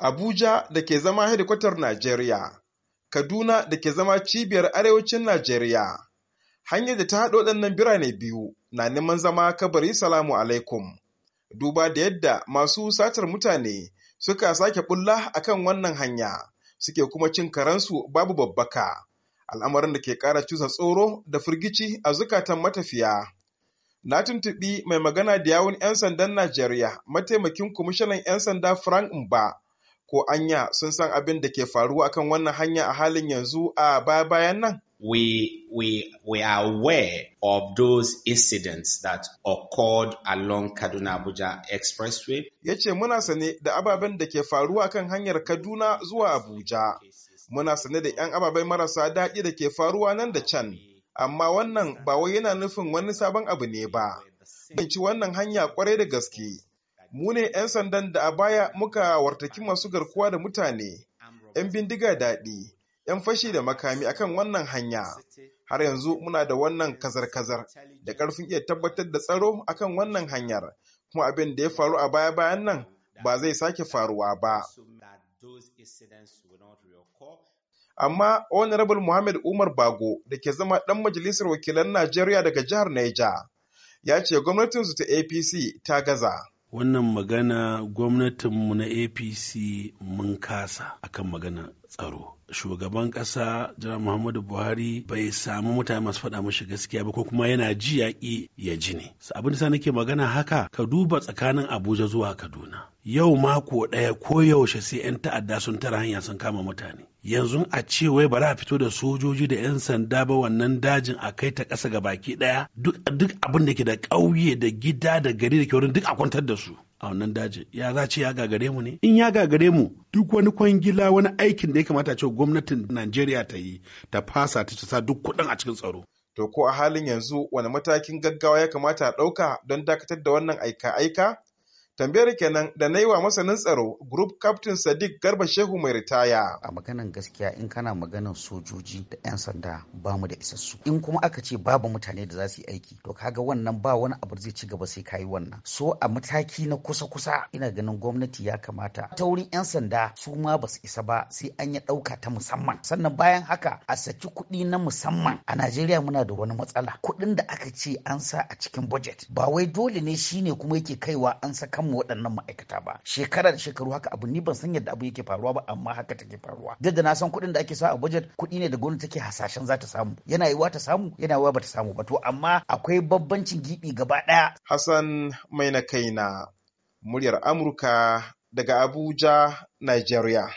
Abuja da ke zama hedikwatar Najeriya, Kaduna da ke zama cibiyar arewacin Najeriya. Hanyar da ta haɗo waɗannan birane biyu na neman zama kabari salamu alaikum. Duba da yadda masu satar mutane suka sake bulla akan wannan hanya suke kuma cin karansu babu babbaka. Al'amarin da ke ƙara cusa tsoro da firgici a zukatan matafiya. na tuntuɓi mai magana da yawun 'yan sandan Najeriya, mataimakin kwamishinan 'yan sanda Frank Mba, Ko anya sun san abin da ke faruwa akan wannan hanya a halin yanzu a baya-bayan nan? we, we, we are aware of those incidents that occurred along Kaduna Abuja Expressway. Ya ce muna sane da ababen da ke faruwa kan hanyar Kaduna zuwa Abuja. Muna sane da 'yan ababen marasa daɗi da ke faruwa nan da can. Amma wannan ba wai yana nufin wani sabon abu ne ba. Binci wannan hanya kwarai da gaske. Mu ne 'yan sandan da a baya muka wartaki masu garkuwa da mutane, 'yan bindiga daɗi, 'yan fashi da makami akan wannan hanya. Har yanzu muna da wannan kazar-kazar da ƙarfin iya tabbatar da tsaro akan wannan hanyar, kuma abin da ya faru a baya-bayan nan ba zai sake faruwa ba. amma honorable Muhammad Umar Bago da ke zama ɗan majalisar wakilan Najeriya daga jihar Niger, ya ce gwamnatinsu ta APC ta gaza. wannan magana gwamnatinmu na apc mun kasa akan magana tsaro shugaban ƙasa jira muhammadu buhari bai samu mutane masu faɗa mashi gaskiya ba ko kuma yana ji yaƙi ya ji ne abin da sa nake magana haka ka duba tsakanin abuja zuwa kaduna yau mako ɗaya ko yaushe sai 'yan ta'adda sun tara hanya sun kama mutane yanzu a ce wai ba za a fito da sojoji da 'yan sanda ba wannan dajin a kai ta ƙasa ga baki ɗaya duk abin da ke da ƙauye da gida da gari da ke wurin duk a kwantar da su a wannan dajin ya za ce ya gagare mu ne in ya gagare mu duk wani kwangila wani aikin da ya kamata ce gwamnatin najeriya ta yi ta fasa ta sa duk kuɗin a cikin tsaro to ko a halin yanzu wani matakin gaggawa ya kamata a ɗauka don dakatar da wannan aika-aika tambayar kenan da na yi wa masanin tsaro group captain sadiq garba shehu mai ritaya a maganan gaskiya in kana maganan sojoji da 'yan sanda ba mu da isassu in kuma aka ce babu mutane da za su yi aiki to kaga wannan ba wani abu zai ci gaba sai kayi wannan so a mataki na kusa-kusa ina ganin gwamnati ya kamata ta wurin 'yan sanda su ma ba su isa ba sai an yi ɗauka ta musamman sannan bayan haka a saki kuɗi na musamman a najeriya muna da wani matsala kuɗin da aka ce an sa a cikin budget ba wai dole ne shine kuma yake kaiwa an saka mu waɗannan ma'aikata ba shekara da shekaru haka abu ni ban san yadda abu yake faruwa ba amma haka take faruwa duk da na san kuɗin da ake sa a budget kuɗi ne da gwamnati take hasashen za ta samu yana yiwa ta samu yana yiwa ba ta samu ba to amma akwai babbancin gibi gaba ɗaya Hassan mai na kaina muryar Amurka daga Abuja Nigeria